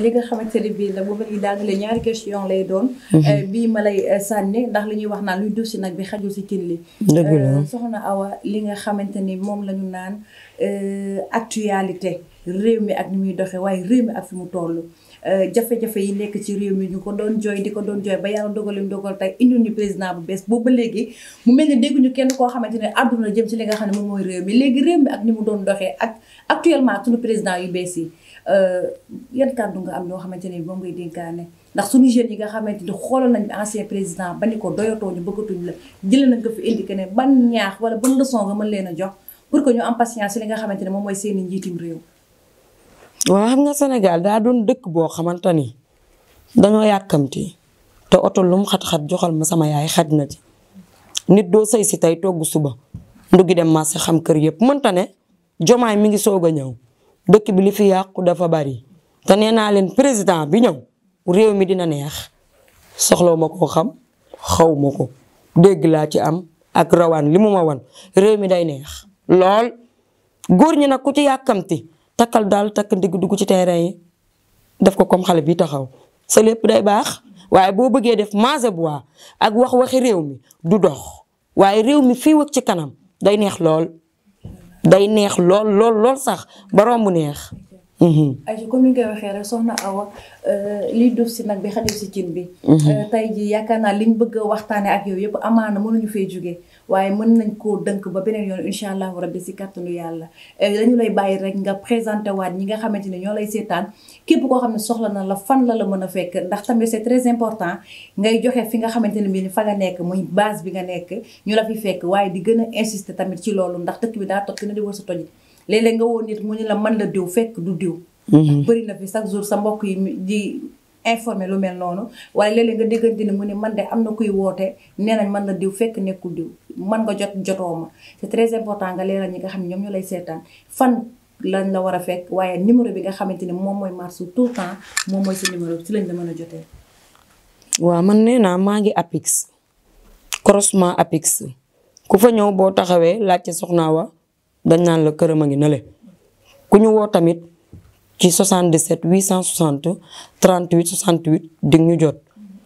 li nga xamante ne bii la booba ñuy daanale ñaari question lay doon. Mhm. Eh, bii ma lay eh, sànni ndax li ñuy wax naan luy dus si nag bi xajul si cin li. dëgg la eh, soxna Awa li nga xamante ni moom la ñu naan actualité réew mi ak ni muy doxee waaye réew mi ak fi mu toll. jafe-jafe yi nekk ci réew mi ñu ko doon jooy di ko doon jooy ba yàlla dogalim dogal tey indi ñu président bu bees boobu ba léegi mu mel ne dégguñu kenn koo xamante ne àdduna jëm ci li nga xam ne moom mooy réew mi léegi réew mi ak ni mu doon doxee ak actuellement suñu président yu bees yi. Euh, yan kàddu nga am loo xamante ne moom ngay dénkaane ndax suñu jeunes yi nga xamante ni xoolal nañu ancien président ba ni ko doyatoo ñu bëggatuñ la jëlee na nga fi indi que ne ban ñaax wala ban leçon nga mën leen a jox pour que ñu am patience li nga xamante ne moom mooy seen i njiitum réew. waaw xam nga Sénégal daa doon dëkk boo xamante ni dañoo yàkkamti te oto lum xat-xat joxal ma sama yaay xaj na ci nit doo sëy si tey togg suba nduggi dem marché xam kër yëpp mënta ne jomaay mi ngi soog a ñëw. dëkk bi li fi yàqu dafa bari te nee naa leen président bi ñëw réew mi dina neex soxlaw ma koo xam xawma ko dégg laa ci am ak rawaan li mu ma wan réew mi day neex lool góor ñi nag ku ci yàkkamti takkal daal takk ndigg dugg ci terrain yi def ko comme xale bi taxaw sa lépp day baax waaye boo bëggee def maase bois ak wax waxi réew mi du dox waaye réew mi fii wëg ci kanam day neex lool day neex lool lool lool sax ba romb neex. Mhm. aji comme ni nga waxee rek soxna Awa euh, lii duf si nag bi xajul si cin bi. Mhm. Euh, tey ji yaakaar naa liñ bëgg a waxtaanee ak yow yëpp amaana mënuñu fee jugee. waaye mën nañ koo dënk ba beneen yoon incha allahu rabbi si kàttanu yàlla eh, dañu lay bàyyi rek nga présenté waat ñi nga xamante ne ñoo lay seetaan képp koo xam ne soxla na la fan la la mën a fekk ndax tamit c'est important ngay joxe fi nga xamante ne bii ni fa nga nekk muy base bi nga nekk ñu la fekk waaye di gën a insister tamit ci loolu ndax dëkk bi daa toj gën a di wër sa toj léeg-léeg nga woon nit mu ñu la man la diw fekk du diw mm-hmm. bëri na fi chaque jour sa mbokk yi di informé lu mel noonu waaye léeg-léeg nga déggante ni mu ne man de am na kuy woote nee nañ man la diw fekk nekkul diw man nga jot jotoo ma c'est très important nga leeral ñi nga xam ne ñoom ñu lay seetaan fan lañ la war a fekk waaye numéro bi nga xamante ni moom mooy marche tout le temps moom mooy sa numéro ci lañ la mën a jotee. waaw man nee naa maa ngi apix croisement apix ku fa ñëw boo taxawee laajte soxnaa wa dañ naan la këram a ngi nale ku ñu ci 77 860 38 68 di ñu jot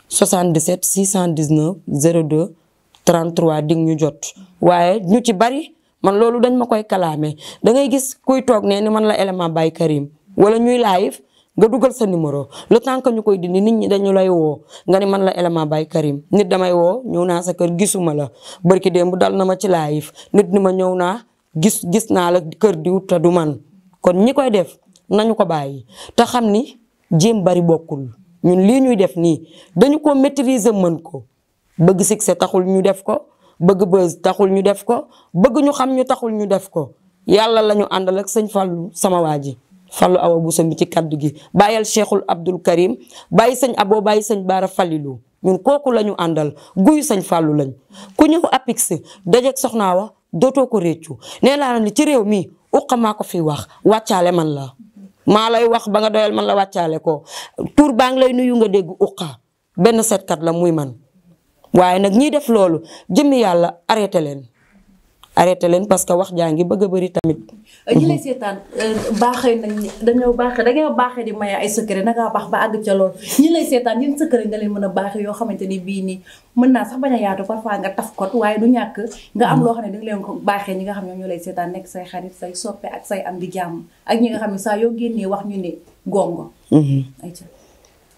77 619 02 33 di ñu jot waaye ñu ci bari man loolu dañ ma koy kalaame da ngay gis kuy toog nee ni man la élément Baye Karim wala ñuy live nga dugal sa numéro le temps que ñu koy dindi nit ñi dañu lay woo nga ne man la élément Baye Karim nit damay woo ñëw naa sa kër gisuma la barki démb dal na ma ci live nit ni ma ñëw naa gis gis naa la kër diw te du man kon ñi koy def nañu ko bàyyi te xam ni jéem bari bokkul ñun lii ñuy def nii dañu ko maîtriser mën ko bëgg succès taxul ñu def ko bëgg taxul ñu def ko bëgg ñu xam ñu taxul ñu def ko yàlla lañu àndal ak sëñ Fallou sama waa ji Fallou Awa Bousso mi ci kaddu gi bàyyal Cheikhul Abdul Karim bàyyi sëñ Abo bàyyi sëñ Baara Falilou ñun kooku la ñu àndal guyu sëñ fàllu lañ ku ñëw apix dajeeg soxnaa wa dootoo ko réccu nee na ni ci réew mi uqa maa ko fi wax wàccaale man la maa lay wax ba nga doyal man la wàccaale ko tur baa ngi lay nuyu nga dégg uqa benn seetkat la muy man waaye nag ñiy def loolu jëmmi yàlla arrêté leen arrêté leen parce que wax jaa ngi bëgg a bëri tamit. Euh, ñi lay seetaan euh, baaxee nañ dañoo baaxee da ngay baaxee di maye ay secret da baax ba àgg ca lool ñi lay seetaan yéen secret nga leen mën a baaxee yoo xamante ni bii nii mën naa sax bañ a yaatu parfois nga taf kot waaye du ñàkk nga am loo xam ne di leen ko baaxee ñi nga xam ne ñoo lay seetaan nekk say xarit say soppe ak say am di jàmm ak ñi nga xam ne saa yoo génnee wax ñu ne gongo. Mhm.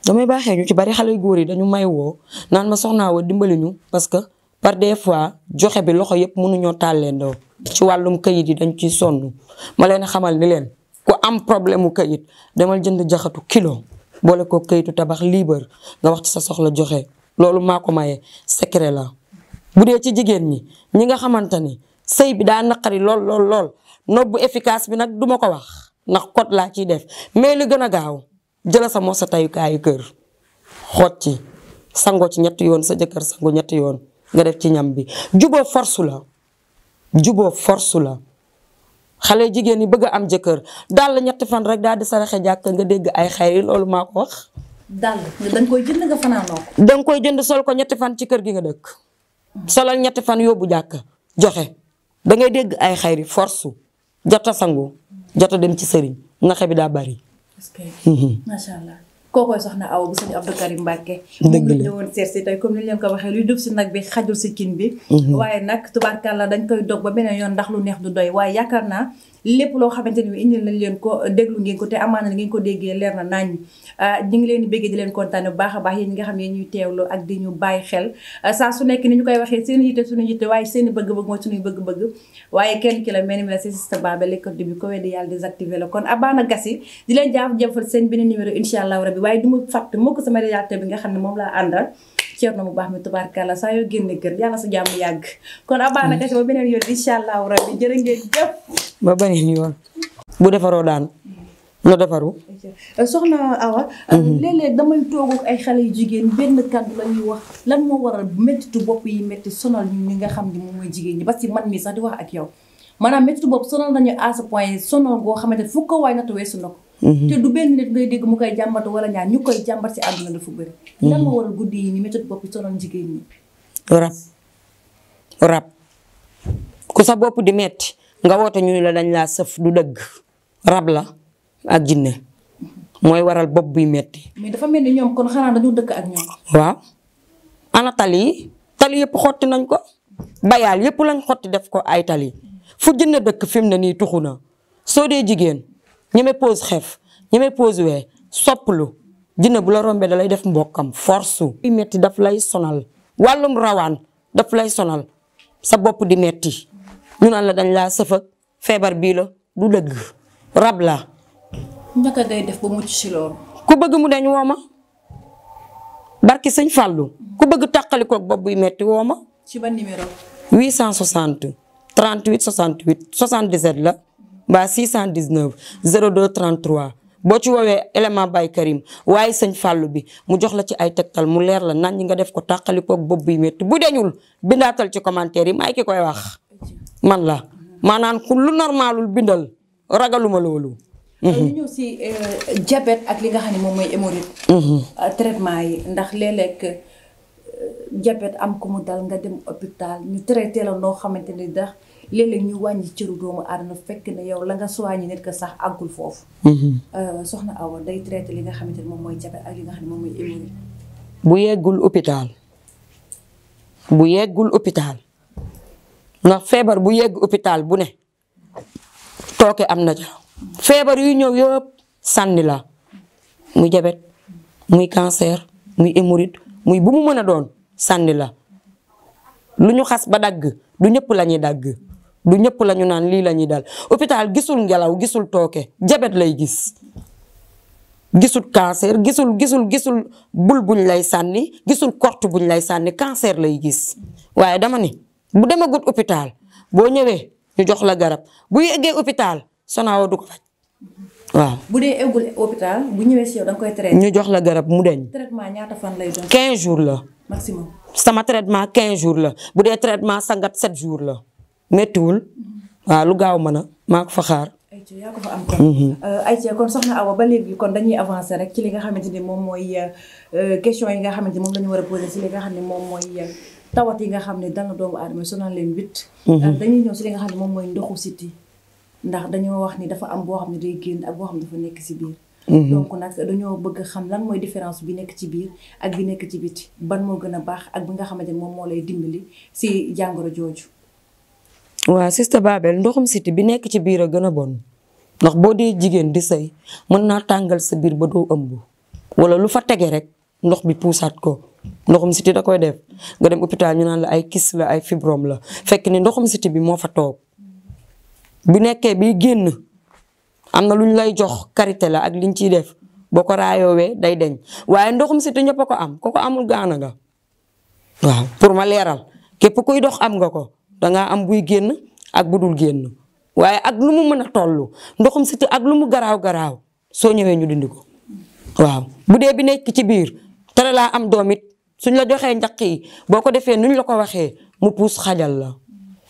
damay baaxee ñu ci bari xale góor yi dañu may woo naan ma soxnaa woo dimbali ñu parce que par des fois joxe bi loxo yëpp mënuñoo tàlleendoo ci wàllum kayit yi dañ ciy sonn ma leen a xamal ni leen ku am problème mu kayit demal jënd jaxatu kilo boole ko kayitu tabax libre nga wax ci sa soxla joxe loolu maa ko maye secret la. bu dee ci jigéen ñi ñi nga xamante ni sëy bi daa naqari lool lool lool nobbu efficace bi nag duma ko wax ndax kot laa ciy def mais li gën a gaaw jëla sa mosa sa tayukaayu kër xoot ci sango ci ñetti yoon sa jëkkër sango ñetti yoon. nga def ci ñam bi juboo force la juboo force la xale jigéen ñi bëgg am jëkkër dal la ñetti fan rek daal di saraxe jàkk nga dégg ay xayri loolu maa ko wax. dal koy jënd nga koy jënd sol ko ñetti fan ci kër gi nga dëkk. solal ñetti fan yóbbu jàkk joxe dangay dégg ay xayri force jot a sangu jot dem ci sëriñ naxe bi daa bari. kookooy soxna Awa bu sëñ Abdou Karim Mbacke moom la ñëwoon seet si tey comme ni leen ko waxee luy dugg si nag bi xajul si kin bi mhm. waaye nag tubaarkàlla dañ ah, a bi ah, ko weddi yàlla désactivé la kon Abana Gassi di leen jaaf jëfal seen beneen numéro incha allah rabbi waaye du ma fàtte mukk sama réalisateur bi nga xam ne moom laa àndal na mu baax mi tubaarkàlla saa yoo génne kër yàlla sa jàmm yàgg kon abaa naka si ba beneen yoon incha allahu rabbi jërë ngeen jëf ba beneen yoon bu defaroo daan nga defaru euh, soxna Awa euh, mhm. léeg-léeg damay toog ak ay xale yu jigéen benn kàddu la ñuy wax lan moo waral méttitu bopp yi métti sonal ñi nga ni moom mooy jigéen ñi ba si man mii sax di wax ak yow maanaam méttitu bopp sonal nañu à ce point sonal goo xamante fu ko waay natu weesu na Mm-hmm. te du benn nit ngay dégg mu koy jàmbat wala ñaar ñu koy jàmbat si àdduna dafa bëri. Mm-hmm. lan moo waral guddi yi ni méthode bopp sonal jigéen ñi. rab rab ku sa bopp di metti nga woote ñu la dañ laa sëf du dëgg rab la ak jinne mooy waral bopp buy metti mais dafa mel ni ñoom kon xanaa dañu dëkk ak ñoom. waaw ana tali yi tali yëpp xotti nañ ko bayaal yépp lañ xotti def ko ay tali fu jinne dëkk fi mu ne nii tuxu na soo dee jigéen. ñeme pose xef ñeme pose wee sopplu dina bu la rombee da lay def mbokkam force su. metti daf lay sonal wàllum rawaan daf lay sonal sa bopp di metti ñu naan la dañ laa sëfag feebar bii la du dëgg rab la. ku bëgg mu deñ wooma barki sëñ Fallou ku bëgg tàqali koog bopp buy metti wooma. ci ban numéro. 860 38 68 77 la. mbaa 619 02 33 boo ci woowee élément Baye Karim waaye sëñ fàllu bi mu jox la ci ay tegtal mu leer la nan ñi nga def ko tàqali kook bopp bi métti bu deñul bindaatal ci commentaire yi maay ki koy wax man la maanaan ku lu normalul bindal ragaluma loolu euh, mhm. ñu ñëw si euh, diabète ak li nga xam ne moom mooy hémorroïde mhm. euh, traitement yi ndax léeg-léeg diabète am ko mu dal nga dem hôpital ñu traité la noo xamante ni ndax léeg-léeg ñu wàññi cëru doomu aadama fekk na yow la nga soigné nit ko sax àggul foofu. Mhm. Euh, soxna Awa day traité li nga xamante ne moom mooy diabète ak yeggul hôpital bu yeggul hôpital ndax feebar bu yegg hôpital bu ne tooke am na feebar yu ñëw yëpp sànni muy diabète muy cancer muy hémorroïde muy bu mu mën a doon sànni la lu ñu xas ba dagg du ñëpp lañuy dagg du ñëpp la ñu naan lii la ñuy dal hôpital gisul ngelaw gisul tooke jabet lay gis gisul cancer gisul gisul gisul bu buñ lay sànni gisul korte buñ lay sànni cancer lay gis waaye dama ni bu demagut hôpital boo ñëwee ñu jox la garab bu yeggee hôpital Sonawo du ko faj waaw. bu dee eggul hôpital bu ñëwee si yow koy traité. ñu jox la garab mu deñ. traitement ñaata fan lay doon. jours la. sama traitement 15 jours la bu dee traitement sangat 7 jours la. méttiwul waaw lu gaaw mën a maa ko fa xaar. ayca yaa ko fa am kon. Mhm. Euh, ayca kon soxna Awa ba léegi kon dañuy avancer rek ci li nga xamante ni moom mooy euh, question yi nga xamante moom la war a poser ci li nga xam ne moom mooy euh, tawat yi nga xam ne dal na doomu aadama sonal leen wit. Mhm. dañuy ñëw si li nga xam ne moom mooy ndoxu ti ndax dañoo wax ni dafa am boo xam ne day génn ak boo xam ne dafa nekk ci biir. Mhm. donc nag dañoo bëgg xam lan mooy différence bi nekk ci biir ak bi nekk ci biti ban moo gën a baax ak bi nga xamante ni moom moo lay dimbali ci jàngoro jooju. waaw sista Babel ndoxum siti bi nekk ci biir a gën a bon ndax boo dee jigéen di sëy mën naa tàngal sa biir ba doo ëmb wala lu fa tege rek ndox bi puusaat ko ndoxum siti da koy def nga dem hôpital ñu naan la ay kis la ay fibrome la fekk ni ndoxum siti bi moo fa toog bu nekkee bi génn am na lu ñu lay jox karité la ak liñ ciy def boo ko raayoowee day deñ waaye ndoxum siti ñëpp a ko am ko ko amul gaana nga waaw pour ma leeral képp kuy dox am nga ko dangaa am buy génn ak bu dul génn waaye ak lu mu mën a tollu ndoxum siti ak lu mu garaaw garaaw soo ñëwee ñu dindi ko waaw bu dee bi nekk ci biir tere laa am doomit it suñ la joxee njaq yi boo ko defee ñu la ko waxee mu puus xajal la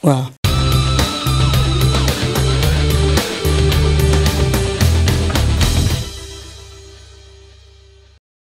waaw